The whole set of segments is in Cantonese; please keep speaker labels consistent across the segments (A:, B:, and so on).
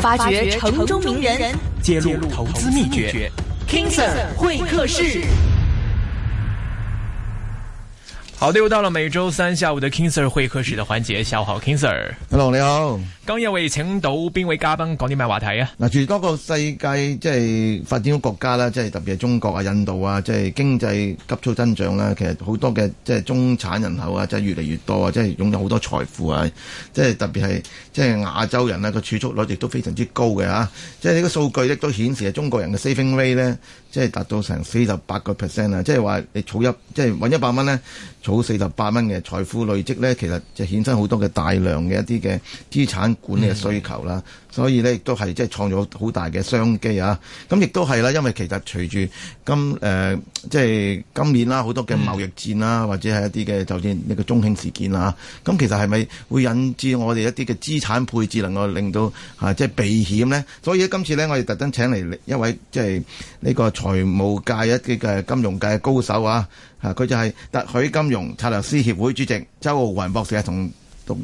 A: 發掘城中名人，揭露投，投資祕訣。King Sir 會客室。好的，又到了每周三下午嘅 King Sir 會客室嘅環節。下午好，King Sir。Hello，你好。今日位請到邊位嘉賓講啲咩話題啊？嗱，住多個
B: 世界即係發展中國家啦，即係特別係中國啊、印度啊，即係經濟急速增長啦、啊。其實好多嘅，即係中產人口啊，即係越嚟越多啊，即係擁有好多財富啊。即係特別係即係亞洲人啊，個儲蓄率亦都非常之高嘅吓、啊。即係呢個數據亦都顯示啊，中國人嘅 saving rate 咧。即係達到成四十八個 percent 啦，即係話你儲一，即係揾一百蚊咧，儲四十八蚊嘅財富累積咧，其實就衍生好多嘅大量嘅一啲嘅資產管理嘅需求啦。嗯嗯所以呢，亦都係即係創咗好大嘅商機啊！咁亦都係啦，因為其實隨住今誒即係今年啦，好多嘅貿易戰啦，或者係一啲嘅，就算呢個中興事件啦，咁，啊，其實係咪會引致我哋一啲嘅資產配置能夠令到啊，即係避險呢？所以今次呢，我哋特登請嚟一位即係呢個財務界一啲嘅金融界高手啊！啊，佢就係特許金融策略師協會主席周浩雲博士同，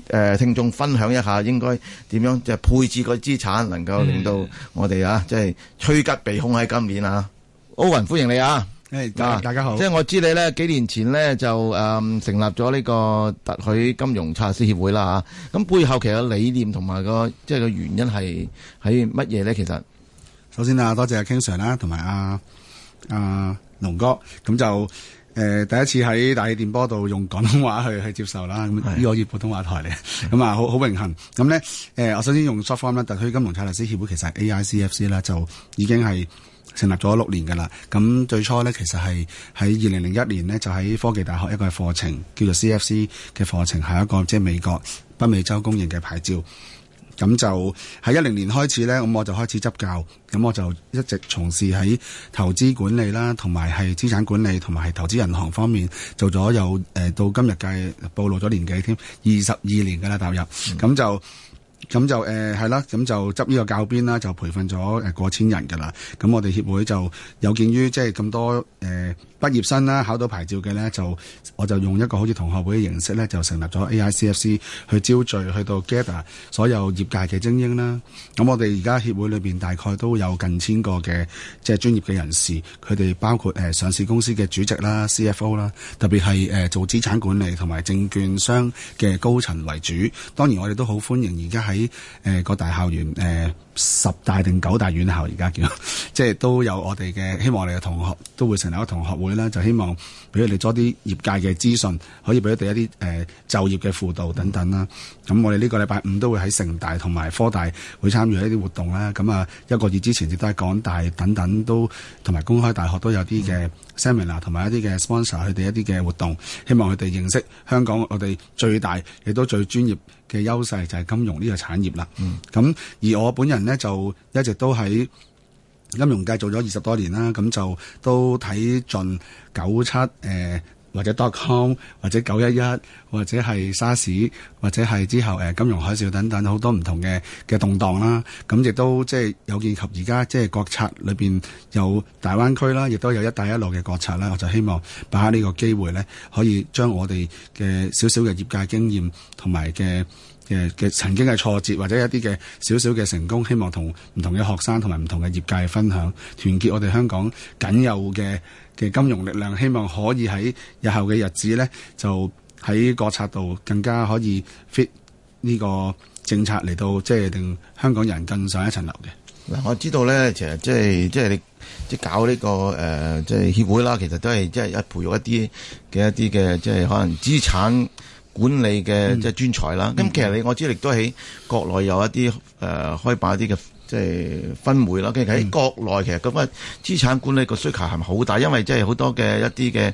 B: 誒聽眾分享一下，應該點樣即係配置個資產，能夠令到我哋啊，即係趨吉避兇喺今年啊？浩雲歡迎你啊！誒，大家好。即係我知你呢，幾年前呢，就誒成立咗呢個特許金融策略師協會啦嚇。咁背後其實理念同埋個即係個原因係喺乜嘢呢？其實首先啊，多謝阿 King Sir 啦，同埋阿阿龍哥，咁就。
C: 誒第一次喺大氣電波度用廣東話去去接受啦，咁呢個係普通話台嚟，咁啊好好榮幸。咁呢，誒、呃，我首先用 s o f a r 特許金融策略師協會其實 AICFC 啦，就已經係成立咗六年㗎啦。咁最初呢，其實係喺二零零一年呢，就喺科技大學一個課程叫做 CFC 嘅課程，係一個即係、就是、美國北美洲公認嘅牌照。咁就喺一零年開始呢，咁我就開始執教，咁我就一直從事喺投資管理啦，同埋係資產管理同埋係投資銀行方面做咗有誒、呃、到今日計暴露咗年幾添，二十二年嘅啦踏入，咁、嗯、就。咁就誒係、呃、啦，咁就執呢個教鞭啦，就培訓咗誒過千人噶啦。咁我哋協會就有見於即係咁多誒畢、呃、業生啦，考到牌照嘅咧，就我就用一個好似同學會嘅形式咧，就成立咗 AICFC 去招聚去到 gather 所有業界嘅精英啦。咁我哋而家協會裏邊大概都有近千個嘅即係專業嘅人士，佢哋包括誒上市公司嘅主席啦、CFO 啦，特別係誒做資產管理同埋證券商嘅高層為主。當然我哋都好歡迎而家。喺誒、呃、各大校園，誒、呃、十大定九大院校而家叫，即係都有我哋嘅希望，我哋嘅同學都會成立一個同學會啦。就希望，俾佢哋多啲業界嘅資訊，可以俾佢哋一啲誒、呃、就業嘅輔導等等啦。咁我哋呢個禮拜五都會喺城大同埋科大會參與一啲活動啦。咁啊一個月之前亦都喺港大等等都同埋公開大學都有啲嘅 s seminar 同埋一啲嘅 sponsor 佢哋一啲嘅活動，希望佢哋認識香港我哋最大亦都最專業嘅優勢就係金融呢個產業啦，咁、嗯、而我本人呢，就一直都喺金融界做咗二十多年啦，咁就都睇盡九七誒。或者 dot com 或者九一一或者係沙士或者係之後誒金融海嘯等等好多唔同嘅嘅動盪啦，咁亦都即係、就是、有見及而家即係國策裏邊有大灣區啦，亦都有一帶一路嘅國策啦。我就希望把握呢個機會咧，可以將我哋嘅少少嘅業界經驗同埋嘅嘅嘅曾經嘅挫折或者一啲嘅少少嘅成功，希望同唔同嘅學生同埋唔同嘅業界分享，團結我哋香港僅有嘅。嘅金融力量，希望可以喺日後嘅日子咧，就喺國策度更加可以 fit 呢個政策嚟到，即係令香港人更上一層樓嘅。嗱，我知道咧，
B: 其實即係即係你即係、就是、搞呢、這個誒即係協會啦，其實都係即係一培育一啲嘅一啲嘅，即係可能資產管理嘅即係專才啦。咁、嗯、其實你我知，亦都喺國內有一啲誒、呃、開辦一啲嘅。即係分會啦，其實喺國內其實咁嘅資產管理個需求係咪好大？因為即係好多嘅一啲嘅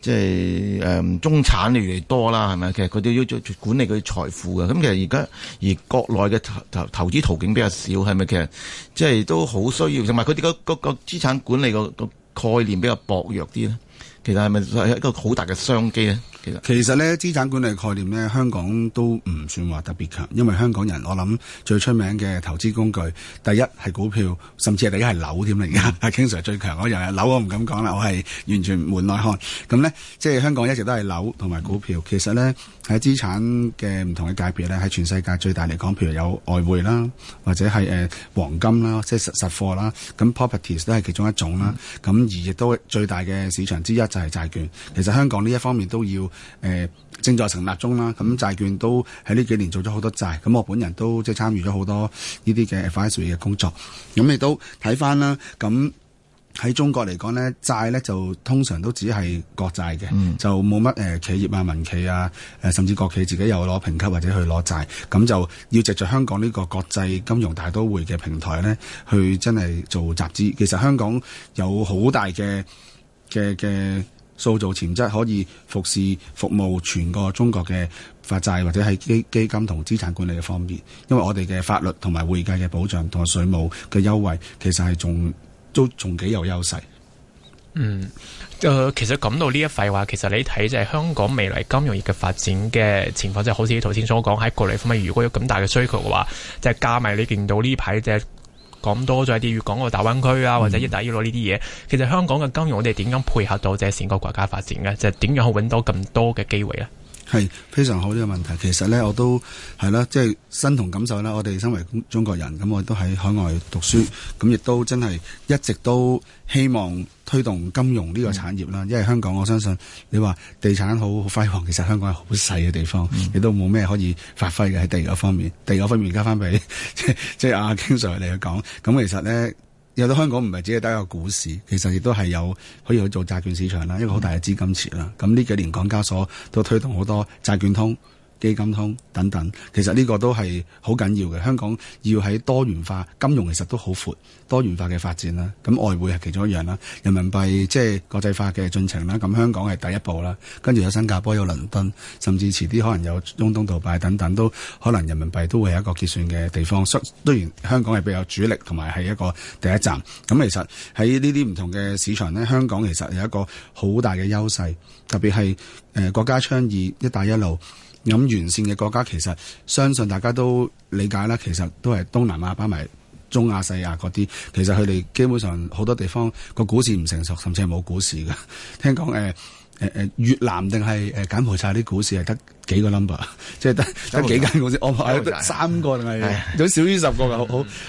B: 即係誒中產越嚟越多啦，係咪？其實佢哋要管理佢財富嘅，咁其實而家而國內嘅投投投資途徑比較少，係咪？其實即係都好需要，同埋佢哋個個個資產管理個個概念比較薄弱啲咧。其實係咪係一個好大嘅商機咧？其實咧，
C: 資產管理概念咧，香港都唔算話特別強，因為香港人我諗最出名嘅投資工具，第一係股票，甚至係第一係樓添嚟㗎，係經常最強。我又係樓，我唔敢講啦，我係完全門內漢。咁咧，即係香港一直都係樓同埋股票，其實咧。喺資產嘅唔同嘅界別咧，喺全世界最大嚟講，譬如有外匯啦，或者係誒、呃、黃金啦，即係實實貨啦，咁 properties 都係其中一種啦。咁、嗯、而亦都最大嘅市場之一就係債券。其實香港呢一方面都要誒、呃、正在成立中啦。咁債券都喺呢幾年做咗好多債。咁我本人都即係、就是、參與咗好多呢啲嘅 financial 嘅工作。咁亦都睇翻啦。咁喺中國嚟講呢債呢就通常都只係國債嘅，嗯、就冇乜誒企業啊、民企啊、誒甚至國企自己又攞評級或者去攞債，咁就要藉著香港呢個國際金融大都會嘅平台呢去真係做集資。其實香港有好大嘅嘅嘅塑造潛質，可以服侍服務全個中國嘅發債或者係基基金同資產管理嘅方面，因為我哋嘅法律同埋會計嘅保障同埋稅務嘅優惠，其實係仲。都仲幾有
A: 優勢。嗯，誒、呃，其實講到呢一塊話，其實你睇就係香港未來金融業嘅發展嘅情況，就係、是、好似你頭先所講喺國力方面，如果有咁大嘅需求嘅話，就是、加埋你見到呢排就講、是、多咗啲，粵港澳大灣區啊，或者一帶一路呢啲嘢。嗯、其實香港嘅金融，我哋點樣配合到即係整個國家發展嘅？就點、是、樣搵到咁多嘅機會咧？
C: 係非常好呢個問題，其實呢，我都係啦，即係身同感受啦。我哋身為中國人，咁我都喺海外讀書，咁亦 都真係一直都希望推動金融呢個產業啦。嗯、因為香港，我相信你話地產好好輝煌，其實香港係好細嘅地方，亦、嗯、都冇咩可以發揮嘅喺第二個方面。第二個方面交翻俾即即係阿 King Sir 嚟去講。咁、嗯、其實呢。有到香港唔係只係得一個股市，其實亦都係有可以去做債券市場啦，一個好大嘅資金池啦。咁、嗯、呢幾年港交所都推動好多債券通。基金通等等，其實呢個都係好緊要嘅。香港要喺多元化金融，其實都好闊多元化嘅發展啦。咁外匯係其中一樣啦。人民幣即係國際化嘅進程啦。咁香港係第一步啦。跟住有新加坡、有倫敦，甚至遲啲可能有中東杜拜等等，都可能人民幣都會有一個結算嘅地方。雖然香港係比較主力同埋係一個第一站。咁其實喺呢啲唔同嘅市場咧，香港其實有一個好大嘅優勢，特別係誒國家倡議一帶一路。咁完善嘅國家，其實相信大家都理解啦。其實都係東南亞，包埋中亞、西亞嗰啲。其實佢哋基本上好多地方個股市唔成熟，甚至係冇股市噶。聽講誒誒誒，越南定係誒柬埔寨啲股市係得幾個 number，即係得得幾間公司，我係得三個定係有少於十個嘅，好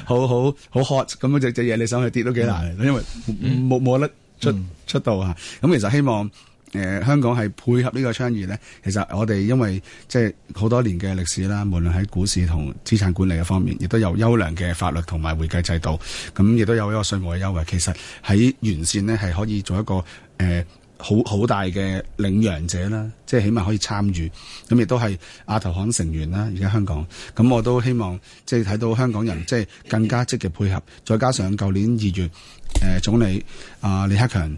C: 好好好好 hot，咁樣，隻隻嘢你想去跌都幾難，因為冇冇得出出道啊。咁其實希望。誒、呃、香港係配合呢個倡議呢。其實我哋因為即係好多年嘅歷史啦，無論喺股市同資產管理嘅方面，亦都有優良嘅法律同埋會計制度，咁亦都有一個稅務嘅優惠。其實喺完善呢，係可以做一個誒。呃好好大嘅領養者啦，即係起碼可以參與，咁亦都係亞投行成員啦。而家香港，咁我都希望即係睇到香港人即係更加積極配合，再加上舊年二月，誒、呃、總理阿、呃、李克強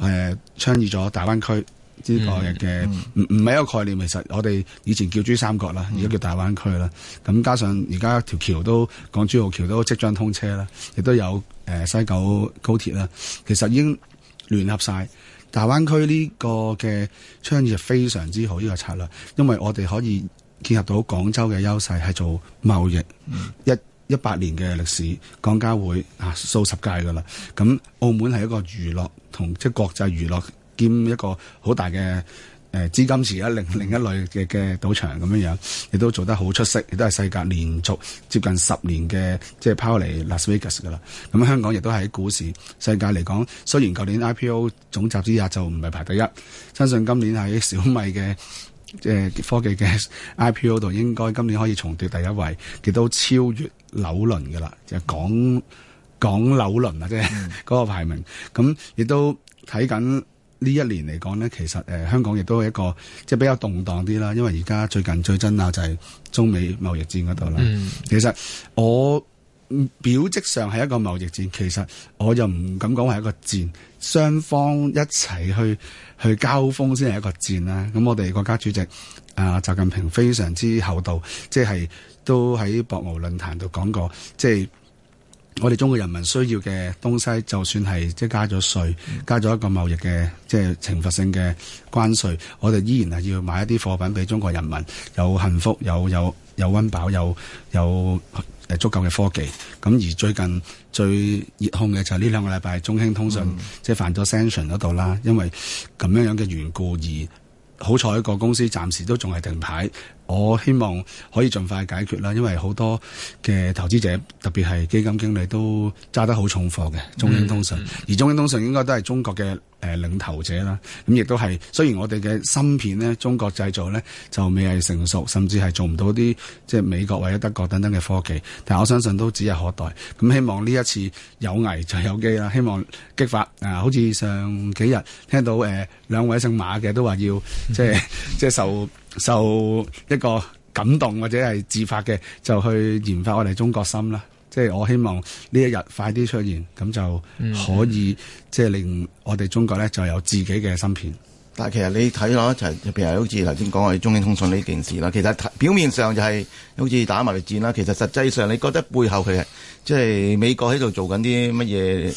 C: 誒倡、呃、議咗大灣區呢個嘅，唔唔係一個概念，其實我哋以前叫珠三角啦，而家叫大灣區啦。咁、嗯、加上而家條橋都港珠澳橋都即將通車啦，亦都有誒、呃、西九高、高鐵啦，其實已經聯合晒。大灣區呢個嘅倡議係非常之好，呢、呢個策略，因為我哋可以結合到廣州嘅優勢，係做貿易，嗯、一一百年嘅歷史，廣交會啊，數十屆噶啦。咁澳門係一個娛樂同即係國際娛樂兼一個好大嘅。誒，資金池另另一類嘅嘅賭場咁樣樣，亦都做得好出色，亦都係世界連續接近十年嘅即係拋離 Las Vegas 噶啦。咁香港亦都喺股市世界嚟講，雖然舊年 IPO 總集資額就唔係排第一，相信今年喺小米嘅即係科技嘅 IPO 度，應該今年可以重奪第一位，亦都超越紐倫噶啦，就講講紐倫啊，即係嗰、嗯、 個排名。咁亦都睇緊。呢一年嚟講呢其實誒、呃、香港亦都係一個即係比較動盪啲啦，因為而家最近最真鬧就係中美貿易戰嗰度啦。嗯、其實我表質上係一個貿易戰，其實我又唔敢講係一個戰，雙方一齊去去交鋒先係一個戰啦。咁我哋國家主席啊、呃、習近平非常之厚道，即係都喺博鰲論壇度講過，即係。我哋中國人民需要嘅東西，就算係即係加咗稅、加咗一個貿易嘅即係懲罰性嘅關稅，我哋依然係要買一啲貨品俾中國人民有幸福、有有有溫飽、有有誒足夠嘅科技。咁而最近最熱控嘅就係呢兩個禮拜，中興通訊即係、mm hmm. 犯咗 sanction 嗰度啦，因為咁樣樣嘅緣故而好彩個公司暫時都仲係停牌。我希望可以儘快解決啦，因為好多嘅投資者，特別係基金經理都揸得好重貨嘅中興通訊，mm hmm. 而中興通訊應該都係中國嘅誒領頭者啦。咁亦都係雖然我哋嘅芯片咧，中國製造咧就未係成熟，甚至係做唔到啲即係美國或者德國等等嘅科技，但係我相信都指日可待。咁希望呢一次有危就有機啦，希望激發啊！好似上幾日聽到誒兩、呃、位姓馬嘅都話要即係、mm hmm. 即係受。受一個感動或者係自發嘅，就去研發我哋中國芯啦。 即係我希望呢一日快啲出現，咁
B: 就可以、mm hmm. 即係令我哋中國呢就有自己嘅芯片。嗯嗯、但係其實你睇落就譬如好似頭先講我哋中興通訊呢件事啦。其實表面上就係、是、好似打貿易戰啦。其實實際上你覺得背後佢係即係美國喺度做緊啲乜嘢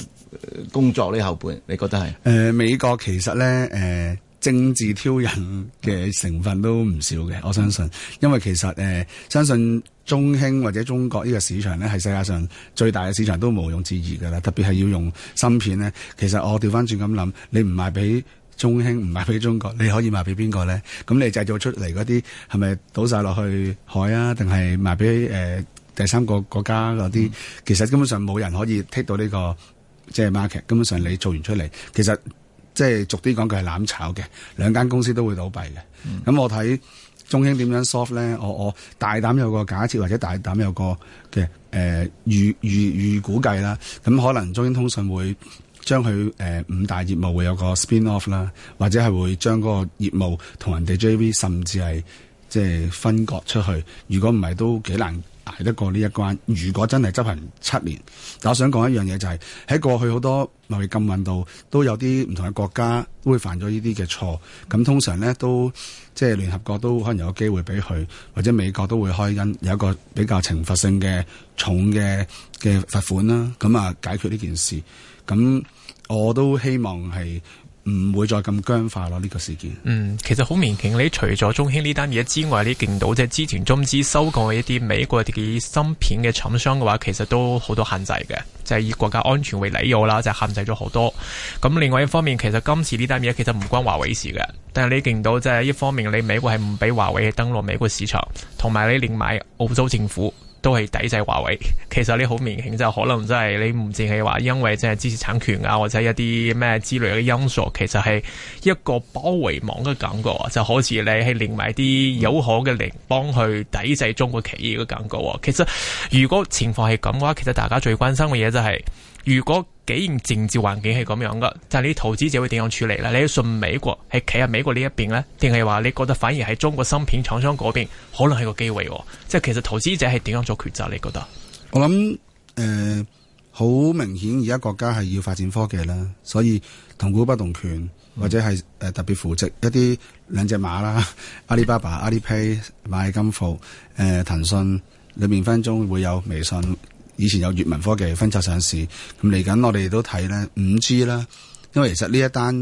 B: 工作呢？後半你覺得係？誒、
C: 呃，美國其實呢。誒、呃。政治挑釁嘅成分都唔少嘅，我相信，因為其實，誒、呃、相信中興或者中國呢個市場咧，係世界上最大嘅市場，都毋庸置疑嘅啦。特別係要用芯片咧，其實我調翻轉咁諗，你唔賣俾中興，唔賣俾中國，你可以賣俾邊個咧？咁你製造出嚟嗰啲係咪倒晒落去海啊？定係賣俾誒、呃、第三個國家嗰啲？嗯、其實根本上冇人可以 take 到呢、這個，即係 market。根本上你做完出嚟，其實。即係逐啲講佢係攬炒嘅，兩間公司都會倒閉嘅。咁、嗯、我睇中興點樣 soft 咧？我我大膽有個假設或者大膽有個嘅誒預預預估計啦。咁可能中興通訊會將佢誒、呃、五大業務會有個 spin off 啦，或者係會將嗰個業務同人哋 JV 甚至係即係分割出去。如果唔係都幾難。捱得過呢一關，如果真係執行七年，但我想講一樣嘢就係、是、喺過去好多貿易禁運度都有啲唔同嘅國家都會犯咗呢啲嘅錯，咁通常呢，都即係聯合國都可能有機會俾佢，或者美國都會開恩，有一個比較懲罰性嘅重嘅嘅罰款啦，咁啊解決呢件事，咁我都希望係。唔會再咁僵化咯，呢個事件。嗯，
A: 其實好明顯，你除咗中興呢單嘢之外，你見到即係之前中資收購一啲美國嘅芯片嘅廠商嘅話，其實都好多限制嘅，就係、是、以國家安全為理由啦，就是、限制咗好多。咁另外一方面，其實今次呢單嘢其實唔關華為事嘅，但係你見到即係、就是、一方面，你美國係唔俾華為登陸美國市場，同埋你連埋澳洲政府。都係抵制華為，其實你好明顯，就可能真係你唔淨係話因為即係知識產權啊，或者一啲咩之類嘅因素，其實係一個包圍網嘅感覺，就好似你係連埋啲友好嘅鄰邦去抵制中國企業嘅感覺。其實如果情況係咁嘅話，其實大家最關心嘅嘢就係。如果既然政治環境係咁樣嘅，就係、你、啲投資者會點樣處理啦？你要信美國係企喺美國邊呢一邊咧，定係話你覺得反而喺中國芯片廠商嗰邊可能係個機會？即係其實投資者係點樣做抉擇？你覺得？
C: 我諗誒，好明顯而家國家係要發展科技啦，所以同股不同權或者係誒、呃、特別扶植一啲兩隻馬啦，阿里巴巴、Alipay、螞蟻金服、誒騰訊裏面分鐘會有微信。以前有粵文科技分拆上市，咁嚟緊我哋都睇咧五 G 啦，因為其實呢一單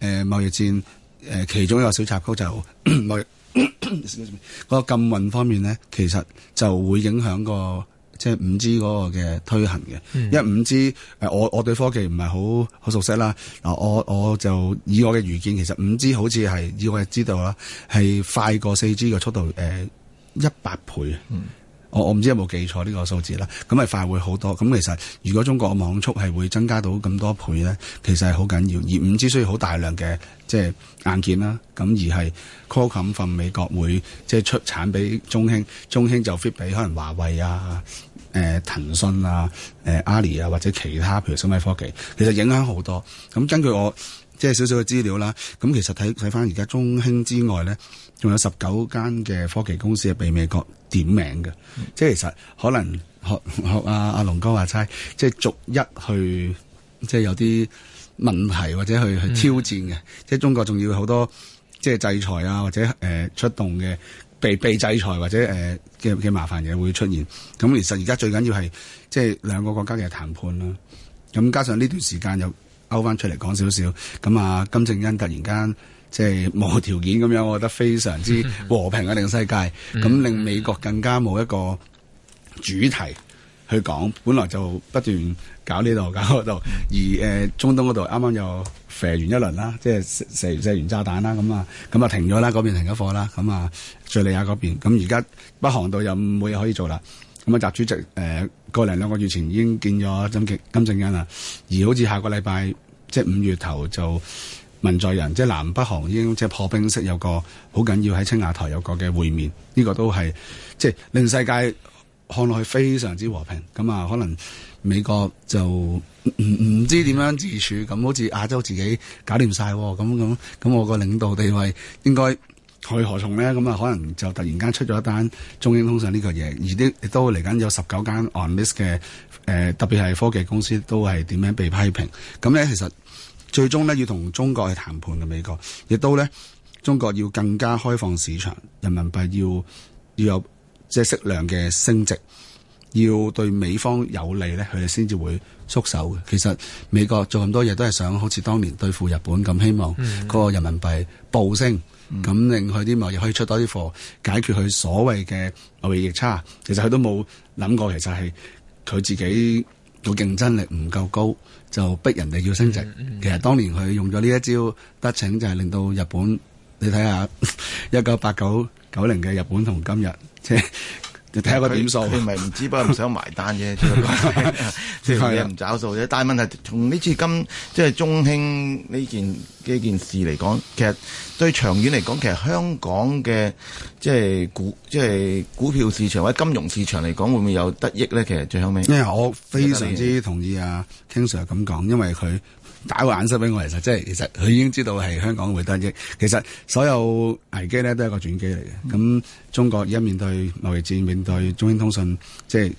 C: 誒貿易戰、呃誒、呃、其中一個小插曲就貿易。 個禁運方面咧，其實就會影響、就是、個即係五 G 嗰個嘅推行嘅。嗯、因為五 G 誒我我對科技唔係好好熟悉啦，嗱我我就以我嘅預見，其實五 G 好似係以我哋知道啦，係快過四 G 嘅速度誒一百倍。嗯我我唔知有冇記錯呢個數字啦，咁係快會好多。咁其實如果中國嘅網速係會增加到咁多倍咧，其實係好緊要。而唔知需要好大量嘅即係硬件啦，咁而係 Qualcomm 份美國會即係出產俾中興，中興就 fit 俾可能華為啊、誒、呃、騰訊啊、誒阿里啊或者其他譬如小米科技，其實影響好多。咁根據我即係少少嘅資料啦，咁其實睇睇翻而家中興之外咧，仲有十九間嘅科技公司係被美國點名嘅，嗯、即係其實可能學學阿阿龍哥話齋，即係逐一去，即係有啲問題或者去去挑戰嘅、嗯。即係中國仲要好多即係制裁啊，或者誒、呃、出動嘅被被制裁或者誒嘅嘅麻煩嘢會出現。咁、嗯、其實而家最緊要係即係兩個國家嘅談判啦。咁、嗯、加上呢段時間又勾翻出嚟講少少。咁、嗯、啊，金正恩突然間。即係冇條件咁樣，我覺得非常之和平嘅一世界，咁、嗯、令美國更加冇一個主題去講。本來就不斷搞呢度搞嗰度，而誒、呃、中東嗰度啱啱又射完一輪啦，即係射完炸彈啦，咁啊，咁啊停咗啦，嗰邊停咗火啦，咁啊敍利亞嗰邊，咁而家北韓度又冇嘢可以做啦。咁啊，習主席誒、呃、個零兩個月前已經見咗金正金正恩啦，而好似下個禮拜即係五月頭就。文在寅，即係南北韓已經即係破冰式有個好緊要，喺青瓦台有個嘅會面，呢個都係即係令世界看落去非常之和平。咁啊，可能美國就唔唔知點樣自處，咁好似亞洲自己搞掂晒，咁咁，咁我個領導地位應該去何從咧？咁啊，可能就突然間出咗一單中興通訊呢個嘢，而啲亦都嚟緊有十九間 on list 嘅誒特別係科技公司都係點樣被批評，咁咧，其實。最終呢，要同中國去談判嘅美國，亦都呢，中國要更加開放市場，人民幣要要有即係適量嘅升值，要對美方有利呢，佢哋先至會縮手嘅。其實美國做咁多嘢都係想，好似當年對付日本咁，希望個人民幣暴升，咁令佢啲貿易可以出多啲貨，解決佢所謂嘅貿易逆差。其實佢都冇諗過，其實係佢自己。個競爭力唔夠高，就逼人哋要升值。嗯嗯、其實當年佢用咗呢一招得逞，就係令到日本，你睇下 一九八九九零嘅日本同今日，即係。就睇下佢點數，佢咪
B: 唔知，不過唔想埋單啫，即係唔找數啫。 是的 但係問題從呢次金，即係中興呢件呢件事嚟講，其實對長遠嚟講，其實香港嘅即係股即係股票市場或者金融市場嚟講，會唔會有得益呢？其實最後尾，因為我非常之同意啊 King Sir
C: 咁講，因為佢。打個眼色俾我，其實即係其實佢已經知道係香港會得益。其實所有危機咧都係一個轉機嚟嘅。咁、嗯、中國而家面對貿易戰、面對中興通訊，即係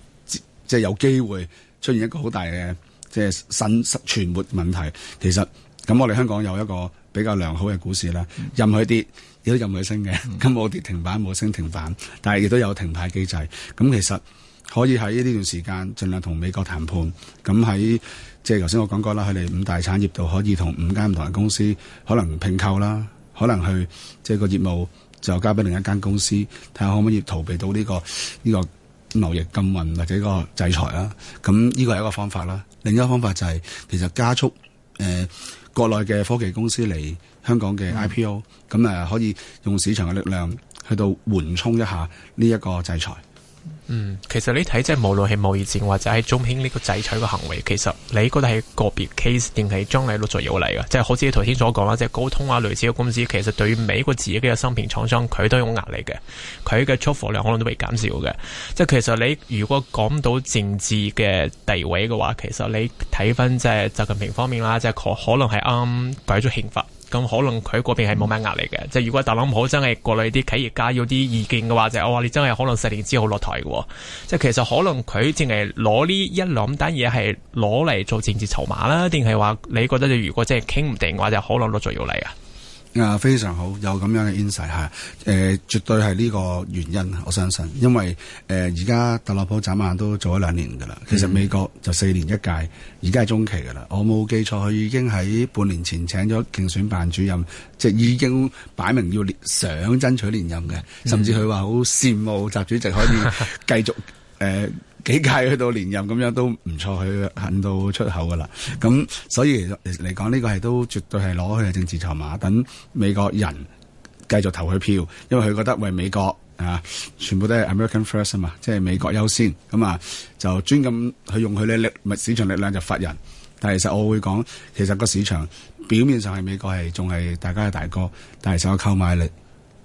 C: 即係有機會出現一個好大嘅即係失、失傳沒問題。其實咁我哋香港有一個比較良好嘅股市啦，嗯、任佢跌亦都任佢升嘅。咁冇跌停板，冇升停板，但係亦都有停牌機制。咁其實可以喺呢段時間盡量同美國談判。咁喺即係頭先我講過啦，佢哋五大產業度可以五間同五間唔同嘅公司可能併購啦，可能去即係個業務就交俾另一間公司，睇下可唔可以逃避到呢、這個呢、這個貿易禁運或者個制裁啦。咁、啊、呢、這個係一個方法啦。另一個方法就係、是、其實加速誒、呃、國內嘅科技公司嚟香港嘅 IPO，咁誒可以用市場嘅力量去到緩衝一下呢一個制裁。
A: 嗯，其實你睇即係無論係貿易戰或者喺中興呢個制裁嘅行為，其實你覺得係個別 case 定係將來陸續有嚟噶、就是？即係好似你頭先所講啦，即係高通啊類似嘅公司，其實對於美國自己嘅芯片廠商，佢都有壓力嘅，佢嘅出貨量可能都會減少嘅。即係其實你如果講到政治嘅地位嘅話，其實你睇翻即係習近平方面啦，即係可能係啱改咗憲法。咁可能佢嗰邊係冇咩壓力嘅，即係如果特朗普真係過嚟，啲企業家要啲意見嘅話，就係我話你真係可能四年之後落台嘅。即係其實可能佢淨係攞呢一兩單嘢，係攞嚟做政治籌碼啦，定係話你覺得？你如果真係傾唔定嘅話，就可能落咗要嚟啊。
C: 啊，非常好，有咁樣嘅 insight，吓，誒、呃，絕對係呢個原因，我相信，因為誒而家，特朗普眨眼都做咗兩年噶啦，其實美國就四年一屆，而家係中期噶啦，我冇記錯，佢已經喺半年前請咗競選辦主任，即係已經擺明要想爭取連任嘅，甚至佢話好羨慕習主席可以繼續誒。呃幾屆去到連任咁樣都唔錯，佢肯到出口噶啦。咁、mm hmm. 所以其實嚟講呢個係都絕對係攞佢嘅政治籌碼，等美國人繼續投佢票，因為佢覺得為美國啊，全部都係 American First 啊嘛，即係美國優先。咁啊就專咁去用佢嘅力市場力量就罰人。但係其實我會講，其實個市場表面上係美國係仲係大家係大哥，但係實物購買力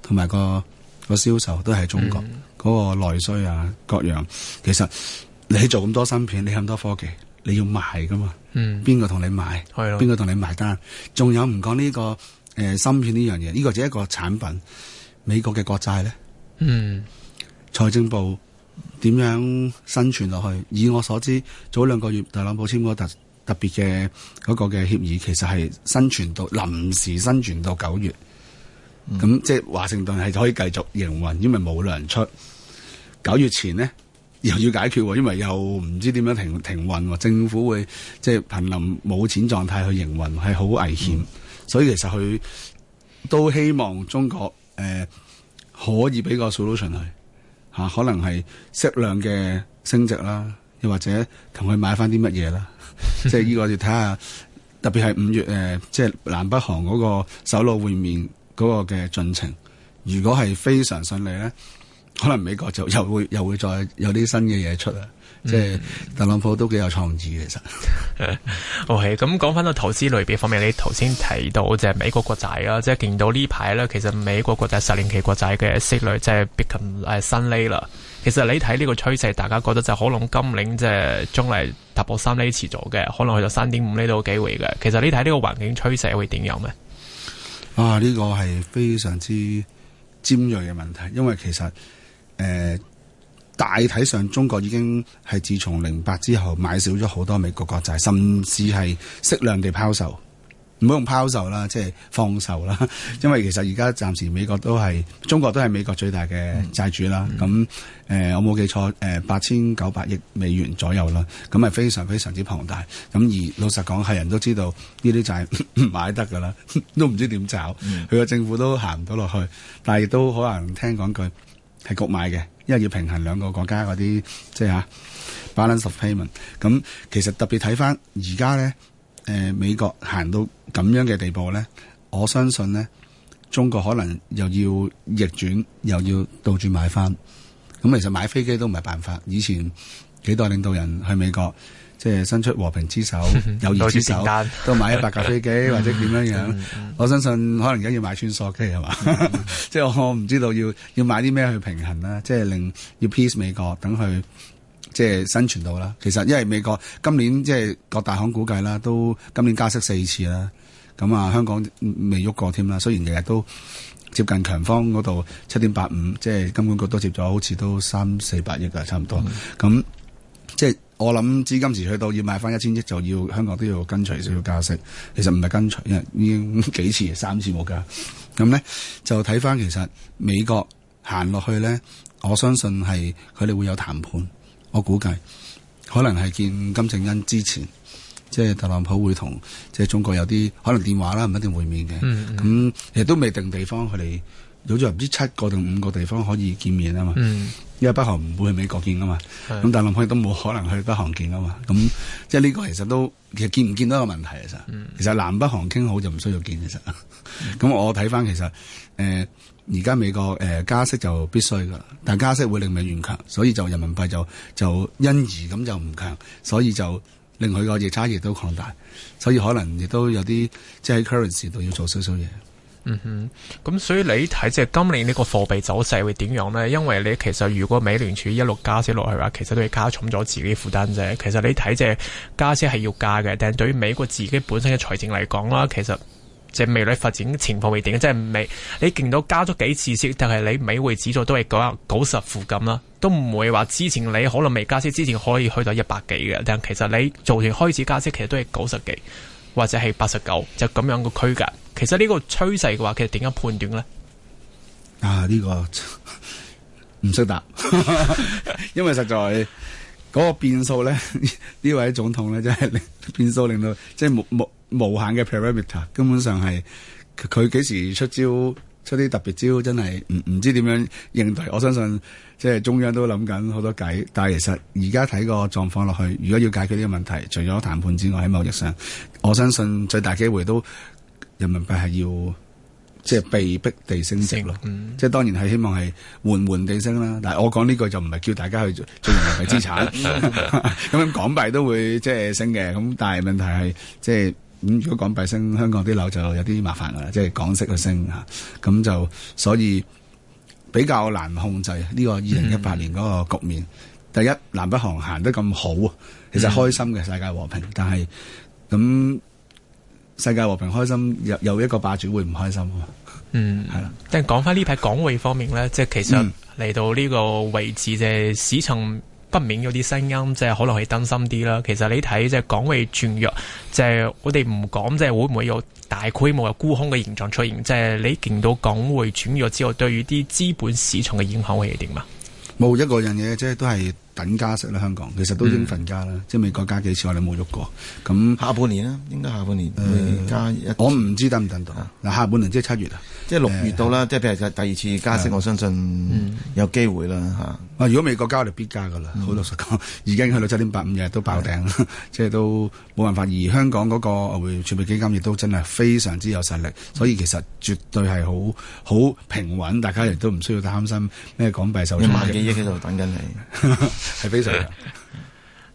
C: 同埋、嗰個個銷售都係中國。Mm hmm. 嗰個內需啊，各樣其實你做咁多芯片，你咁多科技，你要賣㗎嘛？嗯，邊個同你買？係咯的，邊個同你埋單？仲有唔講呢個誒、呃、芯片呢樣嘢？呢個只係一個產品，美國嘅國債咧，嗯，財政部點樣生存落去？以我所知，早兩個月特朗普簽過特特別嘅嗰個嘅協議，其實係生存到臨時生存到九月。咁、嗯、即係華盛頓係可以繼續營運，因為冇糧出。九月前咧又要解決，因為又唔知點樣停停運。政府會即係瀕臨冇錢狀態去營運，係好危險。嗯、所以其實佢都希望中國誒、呃、可以俾個 solution 嚟吓，啊，可能係適量嘅升值啦，又或者同佢買翻啲乜嘢啦。 即係呢個要睇下，特別係五月誒、呃，即係南北韓嗰個首腦會面。嗰個嘅進程，如果係非常順利咧，可能美國就又會又會再有啲新嘅嘢出啊！即係、嗯就是、特朗普都幾有創意嘅，其實、嗯。
A: 嗯、 OK，咁講翻到投資類別方面，你頭先提到就係美國國債啦，即係見到呢排咧，其實美國國債十年期國債嘅息率即係逼近誒三厘啦。其實你睇呢個趨勢，大家覺得就可能今年即係將嚟突破三厘遲早嘅，可能去到三點五厘都有機會嘅。其實你睇呢個環境趨勢會點樣咧？
C: 啊！呢個係非常之尖銳嘅問題，因為其實誒、呃、大體上中國已經係自從零八之後買少咗好多美國國債，甚至係適量地拋售。唔好用拋售啦，即係放售啦。因為其實而家暫時美國都係中國都係美國最大嘅債主啦。咁誒、嗯呃，我冇記錯誒，八千九百億美元左右啦。咁係非常非常之龐大。咁而老實講，係人都知道呢啲債買得㗎了啦， 都唔知點找。佢個、嗯、政府都行唔到落去，但係亦都可能聽講句係局買嘅，因為要平衡兩個國家嗰啲即係、啊、嚇 balance of payment。咁其實特別睇翻而家咧。誒美國行到咁樣嘅地步咧，我相信咧，中國可能又要逆轉，又要倒轉買翻。咁其實買飛機都唔係辦法。以前幾代領導人去美國，即係伸出和平之手、 友誼之手， 訂 都買一百架飛機或者點樣樣。 嗯嗯、我相信可能而家要買穿梭機係嘛？ 即係我唔知道要要買啲咩去平衡啦，即係令要 peace 美國等佢。即係生存到啦，其實因為美國今年即係各大行估計啦，都今年加息四次啦。咁啊，香港未喐過添啦，雖然日日都接近強方嗰度七點八五，即係金管局都接咗，好似都三四百億啊，差唔多。咁、嗯、即係我諗至今時去到要買翻一千億，就要香港都要跟隨就要加息。其實唔係跟隨，因為已經幾次三次冇加。咁咧就睇翻，其實美國行落去咧，我相信係佢哋會有談判。我估計可能係見金正恩之前，即係特朗普會同即係中國有啲可能電話啦，唔一定會面嘅。咁其實都未定地方，佢哋有咗唔知七個定五個地方可以見面啊嘛。嗯、因為北韓唔會去美國見啊嘛，咁的特朗普亦都冇可能去北韓見啊嘛。咁的即係呢個其實都其實見唔見到係個問題啊！其實、嗯、其實南北韓傾好就唔需要見，其實咁我睇返其實誒。呃呃而家美國誒、呃、加息就必須㗎，但加息會令美元強，所以就人民幣就就因而咁就唔強，所以就令佢個利差亦都擴大，所以可能亦都有啲即係 currency 度要做少少嘢。嗯
A: 哼，咁所以你睇即係今年呢個貨幣走勢會點樣呢？因為你其實如果美聯儲一路加息落去話，其實都係加重咗自己負擔啫。其實你睇即加息係要加嘅，但對於美國自己本身嘅財政嚟講啦，其實。即係未來發展嘅情況未定，即係未。你見到加咗幾次先，但係你美匯指數都係九九十附近啦，都唔會話之前你可能未加息之前可以去到一百幾嘅，但其實你做完開始加息其 89,，其實都係九十幾或者係八十九就咁樣個區隔。其實呢個趨勢嘅話，其實點樣判斷呢？
C: 啊，呢、這個唔識答，
A: 因
C: 為實在。 嗰個變數咧，呢位總統咧真係令變數，令到即係無無無限嘅 parameter，根本上係佢幾時出招、出啲特別招，真係唔唔知點樣應對。我相信即係中央都諗緊好多計，但係其實而家睇個狀況落去，如果要解決呢個問題，除咗談判之外，喺貿易上，我相信最大機會都人民幣係要。即係被迫地升值咯，嗯、即係當然係希望係緩緩地升啦。但係我講呢個就唔係叫大家去做人民幣資產，咁 港幣都會即係升嘅。咁但係問題係即係咁，如果港幣升，香港啲樓就有啲麻煩啦。即係港息去升嚇，咁、嗯啊、就所以比較難控制呢個二零一八年嗰個局面。嗯、第一，南北韓行得咁好，其實開心嘅世界和平，但係咁。嗯世界和平開心，又有一個霸主會唔開心啊？嗯，
A: 係啦。但係講翻呢排港匯方面咧，即係其實嚟到呢個位置啫，嗯，市場不免有啲聲音，即係可能係擔心啲啦。其實你睇即係港匯轉弱，即係我哋唔講，即係會唔會有大規模嘅沽空嘅現象出現？即係你見到港匯轉弱之後，對於啲資本市場嘅影響係點啊？
C: 冇一個人嘅，即係都係。等加息啦，香港其實都應份加啦，嗯、即係美國加幾次我哋冇喐過。咁下半年啦，應該下半年、呃、加我唔知等唔等到。嗱、啊，下半年即係七月啊，
B: 即係六月到啦，呃、即係譬如就係第二次加息，啊、我相信有機會啦嚇。嗯啊。哇！如果美國加，交哋必加
C: 噶啦，好、嗯、老實講，已經去到七點八五，日都爆頂，是的 即係都冇辦法。而香港嗰、那個誒儲備基金亦都真係非常之有實力，所以其實絕對係好好平穩，大家亦都唔需要擔心咩港幣受沖擊。一萬幾億喺度等緊你，
A: 係 非常。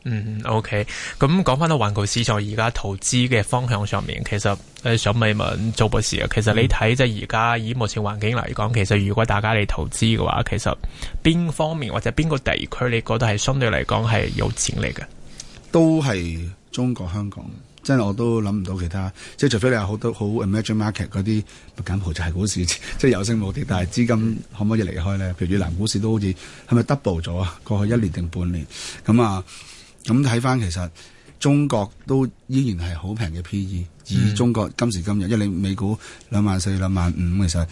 A: 嗯，OK。咁講翻到環球市場而家投資嘅方向上面，其實誒想問一問周博士啊，其實你睇，即係而家以目前環境嚟講，其實如果大家嚟投資嘅話，其實邊方面或者邊個地區你覺得係相對嚟講係有錢嚟嘅？
C: 都係中國香港，真係我都諗唔到其他，即係除非你有好多好 emerging market 嗰啲，簡直就係股市，即係有升冇跌，但係資金可唔可以離開咧？譬如越南股市都好似係咪 double 咗啊？過去一年定半年咁啊？咁睇翻其實中國都依然係好平嘅 P/E，嗯、而中國今時今日，因為你美股兩萬四兩萬五，其實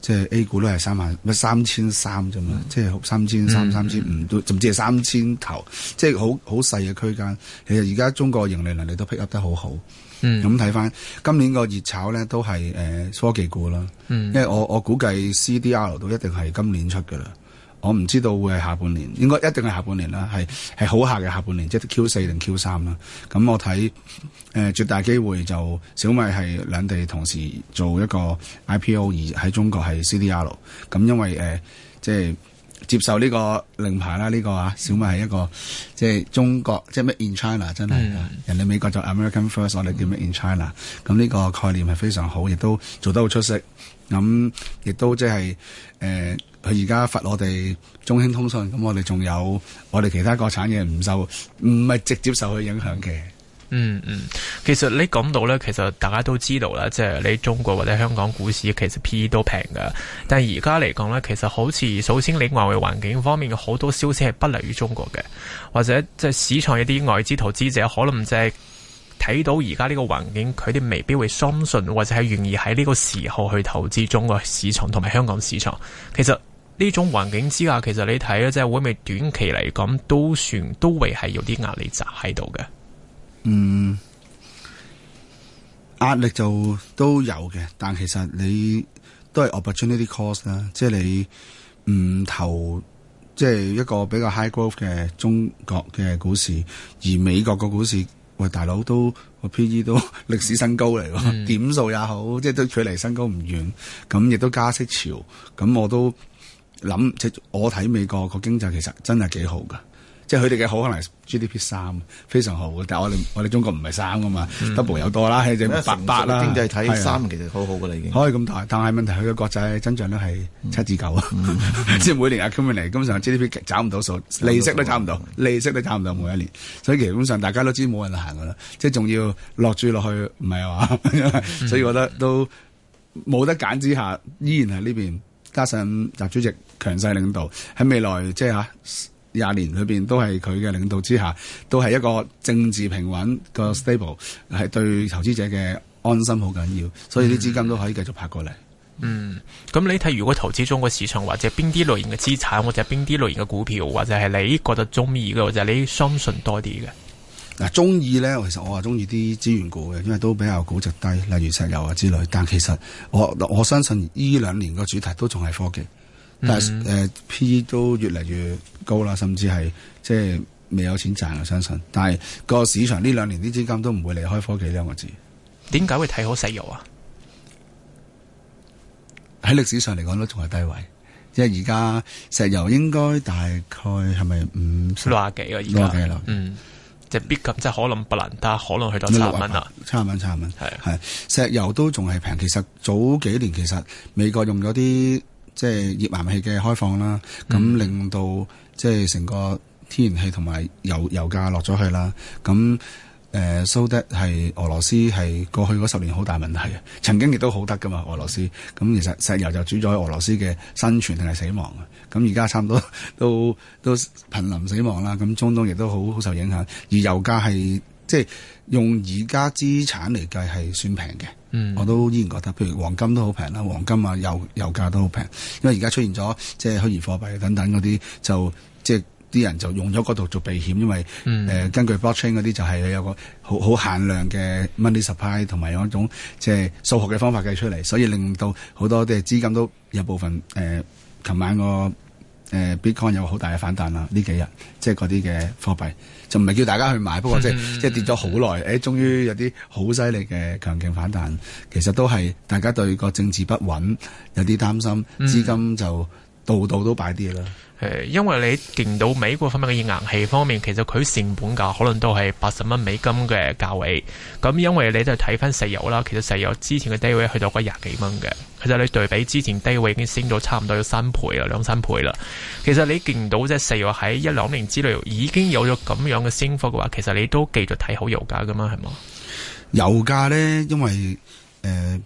C: 即係 A 股都係三萬乜三千三啫嘛，即係三千三三千五都，甚至係三千頭，嗯、即係好好細嘅區間。其實而家中國盈利能力都 pick up 得好好，咁睇翻今年個熱炒咧都係誒、呃、科技股啦，嗯、因為我我估計 CDR 都一定係今年出噶啦。我唔知道會係下半年，應該一定係下半年啦，係係好下嘅下半年，即係 Q 四定 Q 三啦。咁我睇誒絕大機會就小米係兩地同時做一個 IPO 而喺中國係 CDR。咁因為誒、呃、即係接受呢個令牌啦，呢、呢個啊小米係一個即係中國即係咩 In China 真係的人哋美國就 American First，我哋叫咩 In China。咁呢個概念係非常好，亦都做得好出色。咁、嗯、亦都即係。誒，佢而家罰我哋中興通訊，咁我哋仲有我哋其他國產嘢唔受，唔係直接受佢影響嘅。
A: 嗯嗯，其實你講到咧，其實大家都知道啦，即係你中國或者香港股市其實 PE 都平噶但係而家嚟講咧，其實好似首先你外圍環境方面嘅好多消息係不利於中國嘅，或者即係市場一啲外資投資者可能即係。睇到而家呢個環境，佢哋未必會相信，或者係願意喺呢個時候去投資中國市場同埋香港市場。其實，呢種環境之下，其實你睇咧，即係會唔會短期嚟講都算都會係有啲壓力就喺度嘅。嗯，
C: 壓力就都有嘅，但其實你都係 opportunity cost 啦，即係你唔投即係一個比較 high growth 嘅中國嘅股市，而美國嘅股市。大佬都個 PE 都歷史新高嚟，嗯、點數也好，即係都距離新高唔遠，咁亦都加息潮，咁我都諗即係我睇美國個經濟其實真係幾好噶。即係佢哋嘅好可能係 GDP 三，非常好，但係我哋我哋中國唔係三㗎嘛、嗯、double 又多啦，即係八八啦。經濟睇三、啊、
B: 其實好好嘅啦，
C: 已經可以咁大。但係問題佢嘅國際增長都係七至九啊，即係每年 accumulate 基本上 GDP 找唔到數，利息都找唔到，到利息都找唔到、嗯、到每一年。所以基本上大家都知冇人行㗎啦，即係仲要落注落去，唔係話。 所以覺得都冇得揀之下，依然喺呢邊加上習主席強勢領導，喺未來即係吓。啊。廿年裏邊都係佢嘅領導之下，都係一個政治平穩個 stable，係對投資者嘅安心好緊要，所以啲資金都可以繼續拍過嚟。嗯，
A: 咁你睇如果投資中國市場或者邊啲類型嘅資產，或者邊啲類型嘅股票，或者係你覺得中意嘅，或者你相信多啲嘅
C: 嗱，中意咧，其實我係中意啲資源股嘅，因為都比較估值低，例如石油啊之類。但其實我我相信呢兩年個主題都仲係科技。但係誒、嗯呃、P 都越嚟越高啦，甚至係即係未有錢賺，我相信。但係個市場呢兩年啲資金都唔會離開科技兩個
A: 字。點解會睇好石油啊？
C: 喺歷史上嚟講都仲係低位，即係而家石油應該大概係咪五
A: 六啊幾啊？而家六啦、嗯，即係逼近，即係可能不能，但係可能去到七十蚊啦，七
C: 十蚊，七十蚊係係石油都仲係平。其實早幾年其實美國用咗啲。即係頁岩氣嘅開放啦，咁、嗯、令到即係成個天然氣同埋油油價落咗去啦。咁誒，蘇德係俄羅斯係過去嗰十年好大問題嘅，曾經亦都好得噶嘛俄羅斯。咁其實石油就主宰俄羅斯嘅生存定係死亡啊。咁而家差唔多都都瀕臨死亡啦。咁中東亦都好好受影響，而油價係即係用而家資產嚟計係算平嘅。嗯，我都依然覺得，譬如黃金都好平啦，黃金啊油油價都好平，因為而家出現咗即係虛擬貨幣等等嗰啲，就即係啲人就用咗嗰度做避險，因為誒、呃、根據 blockchain 嗰啲就係、是、有個好好限量嘅 money supply，同埋有一種即係數學嘅方法計出嚟，所以令到好多啲資、就是、金都有部分誒，琴、呃、晚個。誒、呃、Bitcoin 有好大嘅反彈啦，呢幾日即係嗰啲嘅貨幣就唔係叫大家去買，不過即係即係跌咗好耐，誒終於有啲好犀利嘅強勁反彈，其實都係大家對個政治不穩有啲擔心，資金就，嗯度度都擺啲嘢啦，誒，
A: 因為你見到美國方面嘅硬氣方面，其實佢成本價可能都係八十蚊美金嘅價位，咁因為你就睇翻石油啦，其實石油之前嘅低位去到嗰廿幾蚊嘅，其實你對比之前低位已經升咗差唔多要三倍啦，兩三倍啦，其實你見到即係石油喺一兩年之內已經有咗咁樣嘅升幅嘅話，其實你都繼續睇好油價噶嘛，係嘛？油
C: 價咧，因為誒、呃、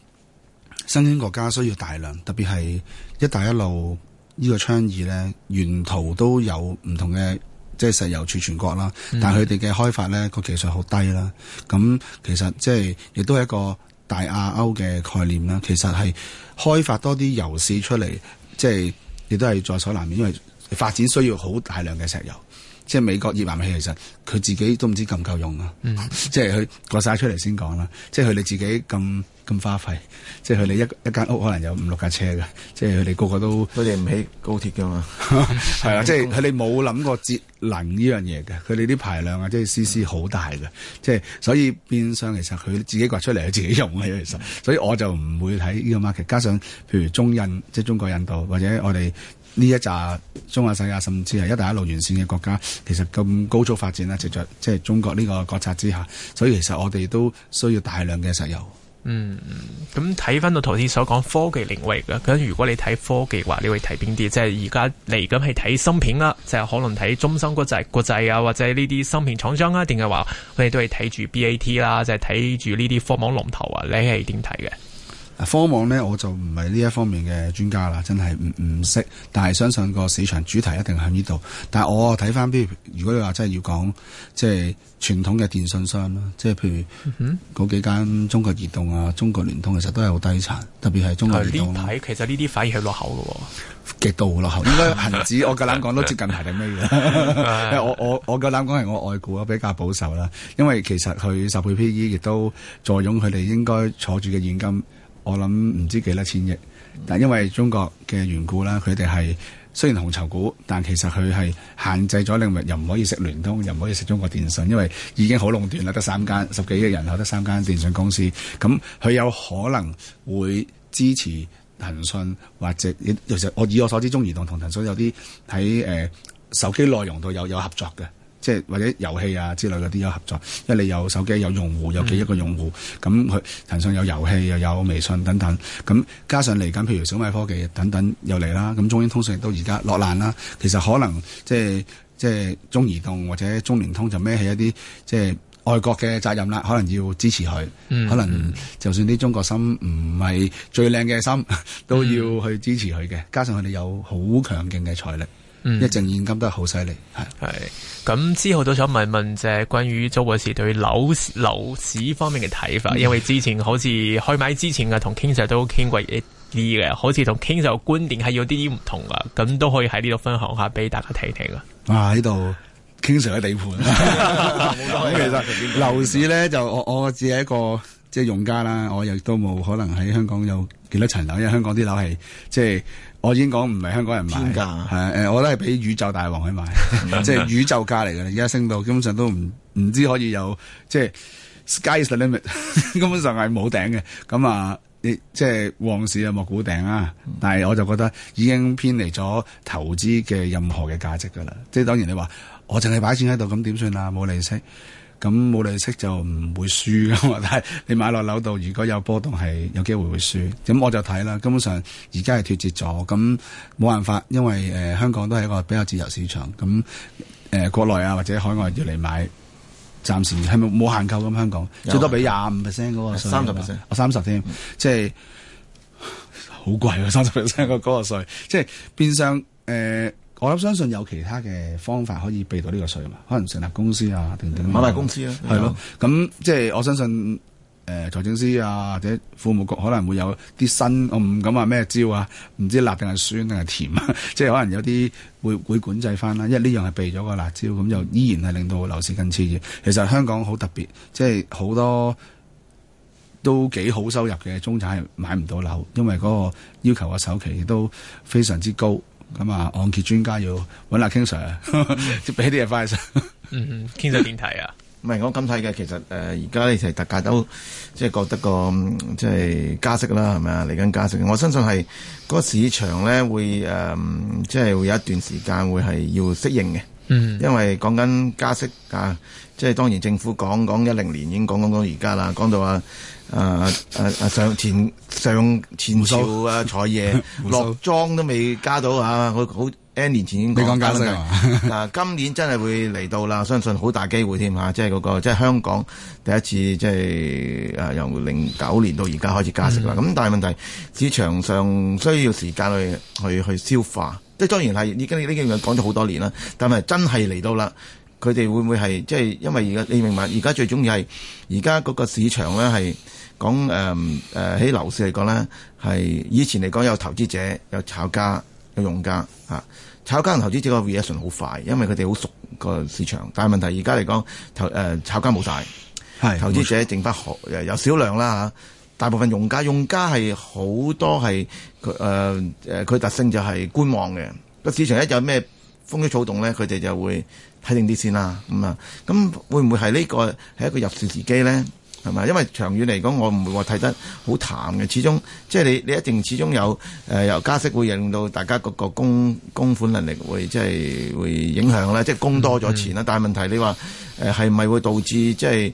C: 新興國家需要大量，特別係一帶一路。呢個倡議咧，沿途都有唔同嘅即係石油儲存國啦，但係佢哋嘅開發咧個技術好低啦。咁其實即係亦都係一個大亞歐嘅概念啦。其實係開發多啲油市出嚟，即係亦都係在所難免，因為發展需要好大量嘅石油。即係美國頁岩氣，其實佢自己都唔知夠唔夠用啊！嗯、即係佢掘晒出嚟先講啦、啊。即係佢哋自己咁咁花費，即係佢哋一一間屋可能有五六架車嘅。即係佢哋個個都佢哋唔起高鐵㗎嘛，係、 嗯、啊！即係佢哋冇諗過節能呢樣嘢嘅。佢哋啲排量啊，即係嗯、即係 CC 好大嘅。即係所以變相其實佢自己掘出嚟，自己用啊！其實、嗯，所以我就唔會睇呢個 market。加上譬如中印，即係中國、印度或者我哋。呢一扎中亞、世界甚至係一帶一路完善嘅國家，其實咁高速發展咧，就在即係中國呢個國策之下。所以其實我哋都需要大量嘅石油。
A: 嗯，咁睇翻到頭先所講科技領域嘅，咁如果你睇科技話，你會睇邊啲？即係而家嚟緊係睇芯片啦，即係可能睇中芯國際、國際啊，或者呢啲芯片廠商啊，定係話佢哋都係睇住 BAT 啦，即係睇住呢啲科網龍頭啊？你係點睇嘅？
C: 科網咧，我就唔係呢一方面嘅專家啦，真係唔唔識。但係相信個市場主題一定喺呢度。但係我睇翻譬如如果你話真係要講，即係傳統嘅電信商啦，即、就、係、是、譬如嗰幾間中國移動啊、中國聯通，其實都係好低殘。特別係中國移動。
A: 睇其實呢啲反而係落後嘅喎，
C: 極度落後。應該恆
A: 指 我我，我夠膽講都接近係零尾。我我
C: 我夠膽講係我外股，啊，比較保守啦。因為其實佢十倍 P E 亦都坐擁佢哋應該坐住嘅現金。我諗唔知幾多千億，但因為中國嘅緣故啦，佢哋係雖然紅籌股，但其實佢係限制咗，另外又唔可以食聯通，又唔可以食中國電信，因為已經好壟斷啦，得三間十幾億人口，得三間電信公司，咁佢有可能會支持騰訊或者，其實我以我所知，中移動同騰訊有啲喺誒手機內容度有有合作嘅。即係或者遊戲啊之類嗰啲有合作，因為你有手機有用戶有幾億個用戶，咁佢騰訊有遊戲又有微信等等，咁加上嚟緊譬如小米科技等等又嚟啦，咁中興通訊亦都而家落難啦，其實可能即係即係中移動或者中聯通就孭起一啲即係外國嘅責任啦，可能要支持佢，嗯、可能就算啲中國心唔係最靚嘅心，都要去支持佢嘅，嗯、加上佢哋有好強勁嘅財力。嗯，一陣現金都係好犀利，係。係，
A: 咁之後都想問問，即係關於周博士對樓樓市方面嘅睇法，嗯、因為之前好似開買之前嘅同 King Sir 都傾過一啲嘅，好似同 King Sir 嘅觀點係有啲啲唔同嘅，咁都可以喺呢度分享下俾大家睇一睇啊。
C: 啊，喺度 King Sir 地盤，其實樓市咧就我我只係一個。即係用家啦，我亦都冇可能喺香港有幾多層樓，因為香港啲樓係即係我已經講唔係香港人買，係誒、啊，我咧係俾宇宙大王去買，即係 宇宙價嚟嘅，而家升到基本上都唔唔知可以有即係 sky is the limit 根本上係冇頂嘅。咁啊，你即係旺市啊莫估頂啊，但係我就覺得已經偏離咗投資嘅任何嘅價值㗎啦。即係當然你話我淨係擺錢喺度，咁點算啊？冇利息。咁冇利息就唔會輸噶嘛，但係你買落樓度，如果有波動係有機會會輸。咁我就睇啦，根本上而家係脫節咗，咁冇辦法，因為誒、呃、香港都係一個比較自由市場，咁誒、呃、國內啊或者海外要嚟買，暫時係咪冇限購咁？香港有最多俾廿五 percent 嗰個稅，三十 percent，我三十添，即係好貴喎、啊，三十 percent 個嗰個稅，即、就、係、是、變相誒。呃我諗相信有其他嘅方法可以避到呢個稅嘛？可能成立公司啊，定定買大公司啊，係咯的。咁即係我相信，誒、呃，財政司啊，或者稅務局可能會有啲新，我唔敢話咩招啊，唔知辣定係酸定係甜啊。即 係可能有啲會會，會管制翻啦。因為呢樣係避咗個辣招，咁就依然係令到樓市更熾熱。其實香港好特別，即係好多都幾好收入嘅中產係買唔到樓，因為嗰個要求嘅首期都非常之高。咁、嗯嗯、啊，按揭專家要揾阿 King Sir，即俾啲嘢翻佢先。嗯
A: ，King Sir 點睇啊？
B: 唔係、嗯、我咁睇嘅，其實誒而家呢啲係大家都即係覺得個、嗯、即係加息啦，係咪啊？嚟緊加息，我相信係、個市場咧會誒、呃，即係會有一段時間會係要適應嘅。嗯，因為講緊加息啊，即係當然政府講講一零年已經講講到而家啦，講到啊，誒誒誒上前上前朝說啊財爺落莊都未加到啊，佢好 N 年前已經講你講加息啊，啊今年真係會嚟到啦，相信好大機會添吓、啊，即係嗰、那個即係香港第一次即係誒、啊、由零九年到而家開始加息啦，咁、嗯、但係問題市場上需要時間去去去，去，去消化。即係當然係，已經呢幾樣講咗好多年啦。但係真係嚟到啦，佢哋會唔會係即係因為而家你明白？而家最重要係而家嗰個市場咧，係講誒誒喺樓市嚟講咧，係以前嚟講有投資者、有炒家、有用家嚇、啊。炒家同投資者個 reaction 好快，因為佢哋好熟個市場。但係問題而家嚟講投誒、呃、炒家冇大，是投資者淨翻可有少量啦。啊大部分用家用家係好多係誒誒，佢、呃、特性就係觀望嘅。個市場一有咩風吹草動咧，佢哋就會睇定啲先啦。咁、嗯、啊，咁會唔會係呢、這個係一個入市時機咧？係咪？因為長遠嚟講，我唔會話睇得好淡嘅。始終即係你你一定始終有誒、呃，由加息會令到大家個個供供款能力會即係會影響啦，即係供多咗錢啦。嗯嗯但係問題你話。誒係咪會導致即係誒、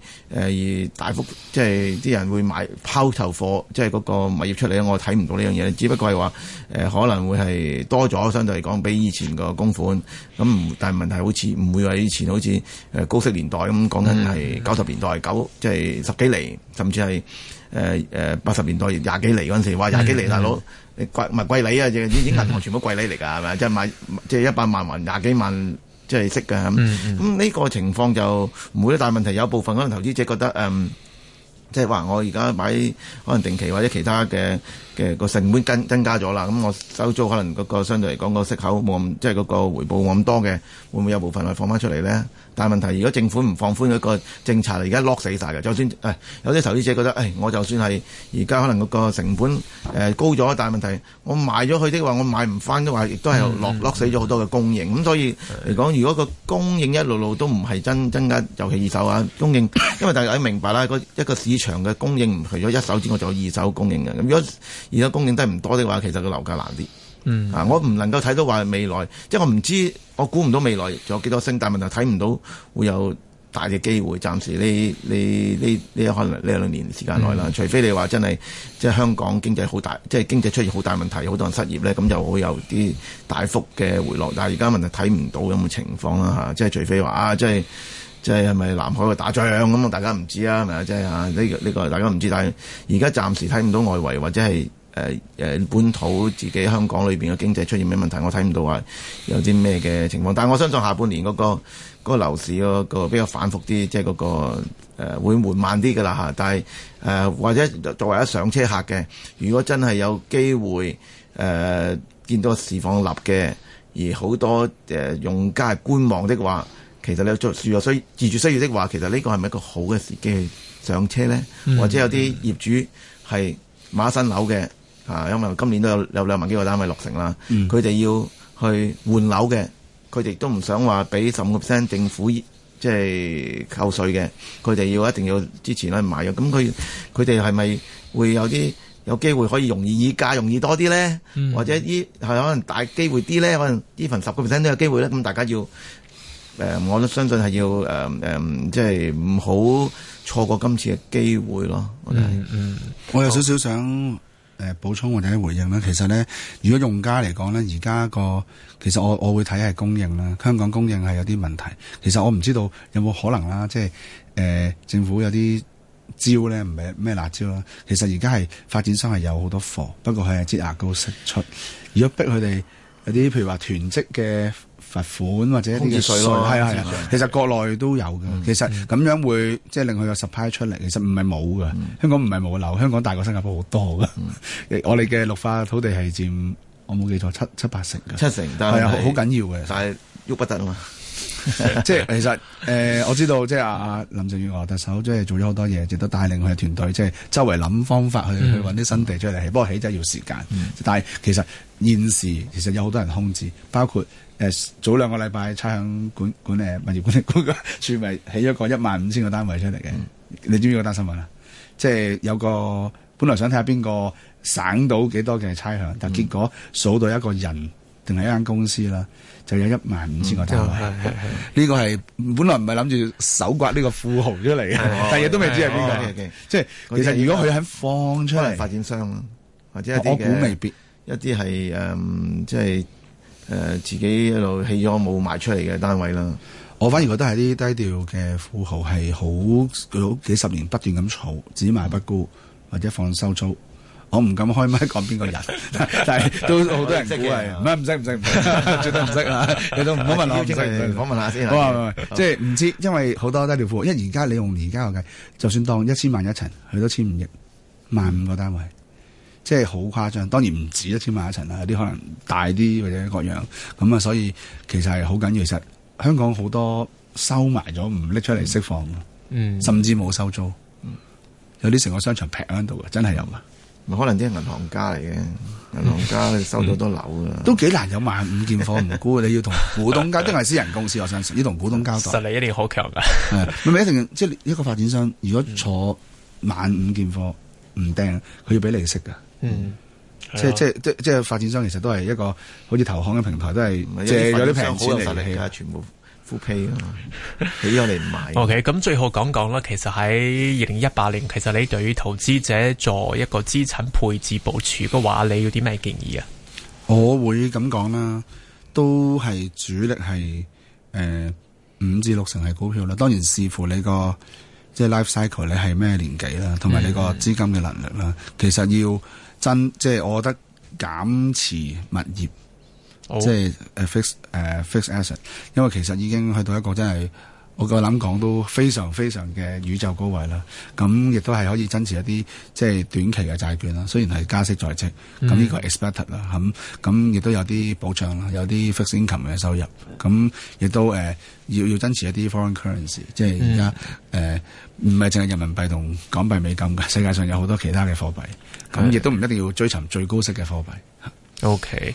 B: 呃、大幅即係啲人會買拋售貨，即係嗰個物業出嚟咧？我睇唔到呢樣嘢，只不過係話誒可能會係多咗相對嚟講比以前個供款咁，但係問題好似唔會話以前好似誒高息年代咁講，緊係九十年代九即係十幾厘，甚至係誒誒八十年代廿幾厘。嗰陣時，話廿幾厘大佬、mm hmm. 貴唔係貴利啊，就已經銀行全部貴利嚟㗎係咪？即係買即係一百萬還廿幾萬。即係識嘅咁，咁呢、嗯嗯、個情況就唔會啲大問題。有部分可能投資者覺得誒，即係話我而家買可能定期或者其他嘅嘅個成本增增加咗啦，咁我收租可能嗰個相對嚟講個息口冇咁，即係嗰個回報冇咁多嘅，會唔會有部分係放翻出嚟呢？但係問題，如果政府唔放寬一個政策，而家 lock 死晒嘅，就算誒有啲投資者覺得，誒我就算係而家可能嗰個成本誒、呃、高咗，但係問題我賣咗佢的話，我買唔翻嘅話，亦都係落、嗯、落死咗好多嘅供應。咁、嗯、所以嚟講的，如果個供應一路路都唔係增增加，尤其二手啊供應，因為大家明白啦，一個市場嘅供應唔除咗一手之外，仲有二手供應嘅。咁如果而家供應都係唔多的話，其實個樓價難啲。
A: 嗯，啊，
B: 我唔能夠睇到話未來，即係我唔知，我估唔到未來仲有幾多升。但係問題睇唔到會有大嘅機會。暫時呢呢呢呢可能呢兩年時間內啦，嗯、除非你話真係即係香港經濟好大，即係經濟出現好大問題，好多人失業咧，咁就會有啲大幅嘅回落。但係而家問題睇唔到咁嘅情況啦，嚇，即係除非話啊，即係、啊、即係係咪南海去打仗咁啊？大家唔知啊，係咪啊？即係啊呢、呢個呢、呢個大家唔知，但係而家暫時睇唔到外圍或者係。誒誒、呃、本土自己香港裏邊嘅經濟出現咩問題，我睇唔到話有啲咩嘅情況，但係我相信下半年嗰、嗰個嗰、嗰個、樓市個個比較反覆啲，即係嗰個誒、呃、會緩慢啲嘅啦嚇。但係誒、呃、或者作為一上車客嘅，如果真係有機會誒、呃、見到個市況立嘅，而好多誒、呃、用家係觀望的話，其實你作住所自住需要的話，其實呢個係咪一個好嘅時機上車咧？Mm hmm. 或者有啲業主係買新樓嘅？啊，因為今年都有有兩萬幾個單位落成啦，佢哋、嗯、要去換樓嘅，佢哋都唔想話俾十五個 percent 政府即係扣稅嘅，佢哋要一定要之前去買嘅。咁佢佢哋係咪會有啲有機會可以容易議價、容易多啲咧？嗯嗯，或者依係可能大機會啲咧？可能呢份十個 percent 都有機會咧。咁大家要誒、呃，我都相信係要誒誒、呃呃，即係唔好錯過今次嘅機會咯。我
C: 有少少想。想誒、呃、補充或者回應咧，其實咧，如果用家嚟講咧，而家個其實我我會睇係供應啦，香港供應係有啲問題。其實我唔知道有冇可能啦，即係誒、呃、政府有啲招咧，唔係咩辣招啦。其實而家係發展商係有好多貨，不過係係擠牙膏式出。如果逼佢哋有啲譬如話囤積嘅。罰款或者一啲嘅稅，係啊，係啊，的其實國內都有嘅，嗯，就是。其實咁樣會即係令佢有 supply 出嚟，其實唔係冇嘅。香港唔係冇樓，香港大過新加坡好多嘅。嗯、 我哋嘅綠化土地係佔，我冇記錯七七八成嘅。七成，但係好
B: 緊要嘅，但係喐不得啊嘛。 即係
C: 其實誒、呃，我知道即係阿阿林鄭月娥特首即係做咗好多嘢，值得帶領佢嘅團隊，即係周圍諗方法去、嗯、去揾啲新地出嚟。起、嗯、不過起真係要時間，嗯、但係其實現時其實有好多人空置，包括誒、呃、早兩個禮拜差餉管管誒物業管理機構署咪起咗個一萬五千個單位出嚟嘅。嗯、你知唔知嗰單新聞啊？即係有個本來想睇下邊個省到幾多嘅差餉，但係結果數到一個人定係一間公司啦。就有一萬五千個單位，呢、嗯就是、個係
B: 本來唔係諗住搜刮呢個富豪出嚟嘅，但係都未知係邊個。即係其實如果佢肯放出嚟，發展商或者一啲未必，一啲係誒，即係誒、呃、自己一路起咗冇賣出嚟嘅單位啦。我反而
C: 覺得係啲低調嘅富豪係好好幾十年不斷咁炒，只賣不沽，或者放收租。我唔敢開咪講邊個人，但係都好多人估係唔識唔識，絕對唔識啦。你 都唔好問我，唔、啊、好問下先。好話即係唔知，因為好多低調富豪，因為而家你用而家嘅計，就算當一千萬一層，去到千五億萬五個單位，即係好誇張。當然唔止一千萬一層啦，有啲可能大啲或者各樣咁啊。所以其實係好緊要，其實香港好多收埋咗唔拎出嚟釋放、嗯、甚至冇收租，嗯、有啲成個商場平喺度嘅，真係有㗎。嗯可能啲係銀行家嚟嘅，銀行家收到多樓啦、嗯嗯，都幾難有萬五件貨唔沽，你要同股東家， 都係私人公司，我相信要同股東交代。實力
A: 一定好強噶，
C: 係咪一定即係一個發展商？如果坐萬五件
B: 貨唔掟，佢要俾利息噶。嗯，嗯
C: 啊、即係即係即係發展商，其實都係一
B: 個好似投行嘅平台，都係借有啲平錢嚟嘅， 全部。負 P 啊， 起咗你
A: 唔買。O K，咁最後講講啦，其實喺二零一八年，其實你對於投資者做一個資產配置部署嘅話，你有啲咩建議啊？
B: 我
C: 會咁講啦，都係主力係誒五至六成係股票啦，當然視乎你個即係 life cycle，你係咩年紀啦，同埋你個資金嘅能力啦。嗯、其實要真即係，我覺得減持物業。即係誒 fix 誒 fix asset，因為其實已經去到一個真係我個諗講都非常非常嘅宇宙高位啦。咁亦都係可以增持一啲即係短期嘅債券啦。雖然係加息在即，咁呢個 expect 啦，咁咁亦都有啲保障啦，有啲 fixed income 嘅收入。咁亦都誒、呃、要要增持一啲 foreign currency，即係而家誒唔係淨係人民幣同港幣、美金嘅，世界上有好多其他嘅貨幣。咁亦都唔一定要追尋最高息嘅貨幣。
A: OK 的。Okay.